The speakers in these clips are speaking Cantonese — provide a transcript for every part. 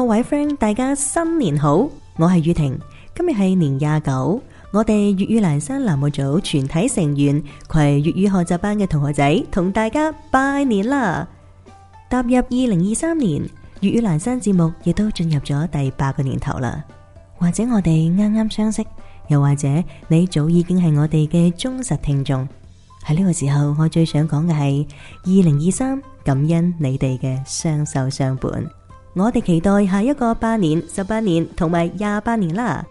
各位 friend，大家新年好，我係雨婷，今日係年廿九，我哋粵語蘭山欄目組全體成員，攜粵語學習班嘅同學仔，同大家拜年啦！踏入二零二三年，粵語蘭山節目亦都進入咗第八個年頭啦。或者我哋啱啱相識，又或者你早已經係我哋嘅忠實聽眾。喺呢個時候，我最想講嘅係二零二三，2023, 感恩你哋嘅相守相伴。我哋期待下一個八年、十八年同埋廿八年啦！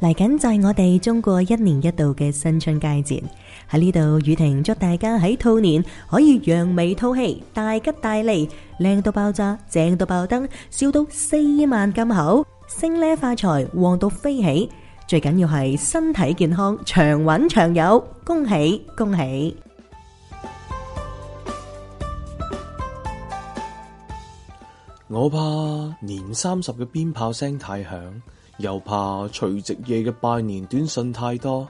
嚟緊就係我哋中國一年一度嘅新春佳節，喺呢度雨婷祝大家喺兔年可以揚眉吐氣、大吉大利、靚到爆炸、正到爆燈、笑到四萬咁口、升呢發財、旺到飛起，最緊要係身體健康、長穩長有，恭喜恭喜！我怕年三十嘅鞭炮聲太響，又怕除夕夜嘅拜年短信太多，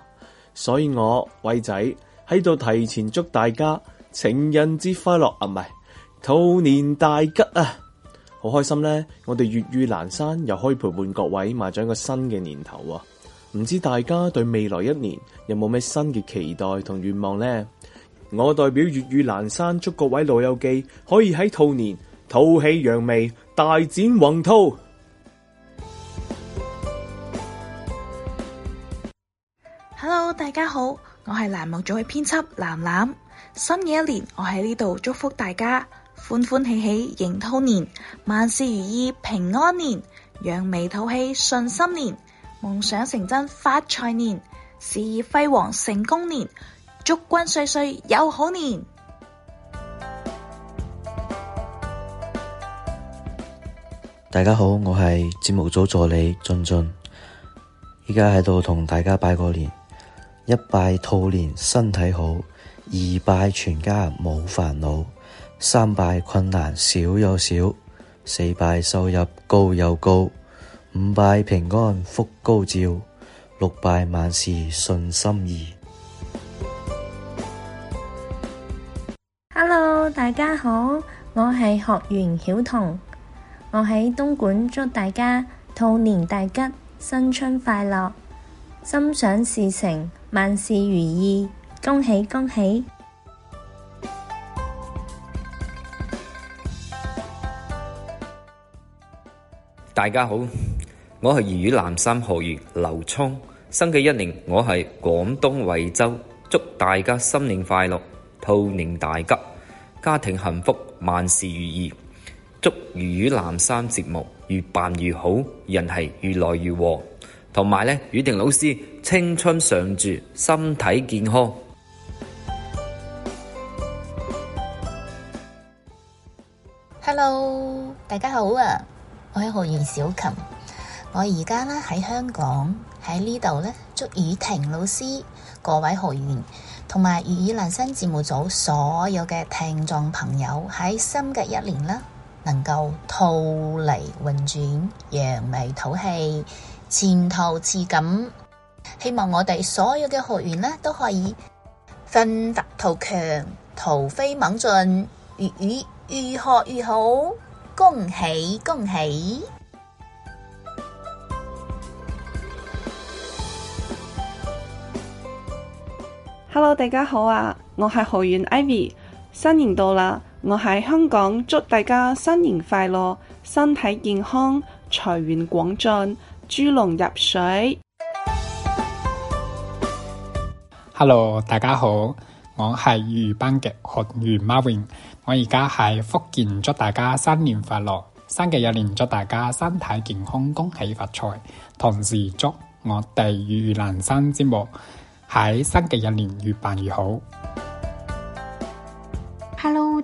所以我偉仔喺度提前祝大家情人節快樂啊，唔係兔年大吉啊！好開心咧，我哋粵語闌珊又可以陪伴各位邁一個新嘅年頭啊！唔知大家對未來一年有冇咩新嘅期待同願望咧？我代表粵語闌珊祝各位老友記可以喺兔年，吐氣揚眉，大展宏圖。Hello，大家好，我係欄目組嘅編輯藍藍。新嘅一年，我喺呢度祝福大家，歡歡喜喜迎兔年，萬事如意平安年，揚眉吐氣順心年，夢想成真發財年，事業輝煌成功年，祝君歲歲有好年。大家好，我係節目組助理俊俊，依家喺度同大家拜個年。一拜兔年身體好，二拜全家冇煩惱，三拜困難少又少，四拜收入高又高，五拜平安福高照，六拜萬事順心意。Hello，大家好，我係學員曉彤。我喺東莞，祝大家兔年大吉，新春快樂，心想事成，萬事如意，恭喜恭喜！大家好，我係粵語闌珊學員劉聰，新嘅一年，我係廣東惠州，祝大家新年快樂，兔年大吉，家庭幸福，萬事如意。祝粵語闌珊節目越辦越好，人係越來越和。同埋呢雨婷老師青春常駐，身體健康。Hello，大家好啊！我係學員小琴，我而家呢喺香港喺呢度呢，祝雨婷老師各位學員同埋粵語闌珊節目組所有嘅聽眾朋友喺新嘅一年啦，能夠吐來運轉，揚眉吐氣，前途似錦。希望我哋所有嘅學員呢都可以奮發圖強，突飛猛進，粵語越學越好。恭喜恭喜！Hello，大家好啊，我係學員 Ivy，新年到啦！我喺香港，祝大家新年快樂，身體健康，財源廣進，豬籠入水。Hello，大家好，我係粵語班嘅學員 Marvin，我而家喺福建，祝大家新年快樂，新嘅一年祝大家身體健康，恭喜發財，同時祝我哋粵語闌珊節目喺新嘅一年越辦越好。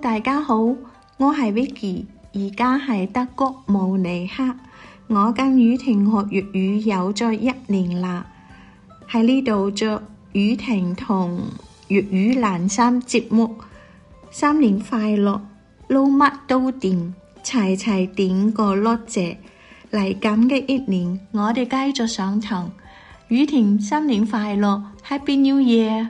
大家好，我係 Vicky，而家係德國慕尼黑。我跟雨婷學粵語有咗一年啦，喺呢度着雨婷同粵語闌珊節目。新年快樂，撈乜都掂，齊齊掂過碌蔗。嚟緊嘅一年，我哋繼續上堂。雨婷新年快樂，Happy New Year！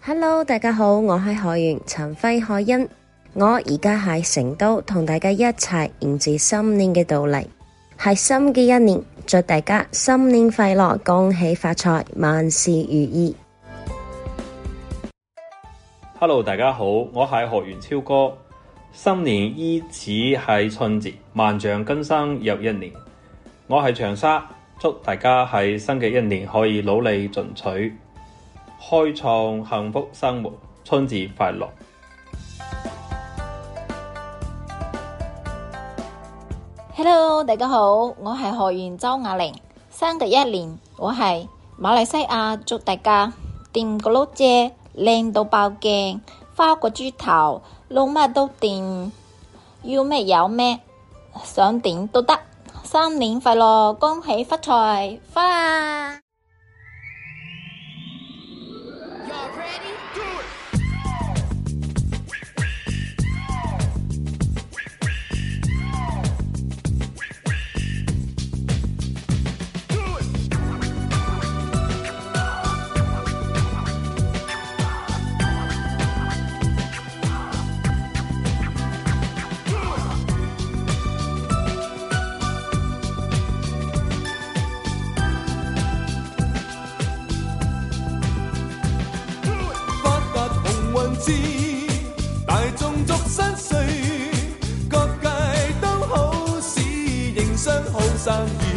Hello，大家好，我係學員陳輝海欣，我而家喺成都同大家一齊迎接新年嘅到來，係新嘅一年，祝大家新年快樂，恭喜發財，萬事如意。Hello，大家好，我係學員超哥，新年伊始係春節，萬象更新又一年，我係長沙。祝大家喺新嘅一年可以努力進取，開創幸福生活，春節快樂！Hello，大家好，我係學員周雅玲。新嘅一年，我係馬來西亞，祝大家掂個碌蔗，靚到爆鏡，花個豬頭，撈乜都掂，要咩有咩，想點都得。新年快樂，恭喜發財，發啦！運至，大眾祝新歲，各界都好事，事迎商好生。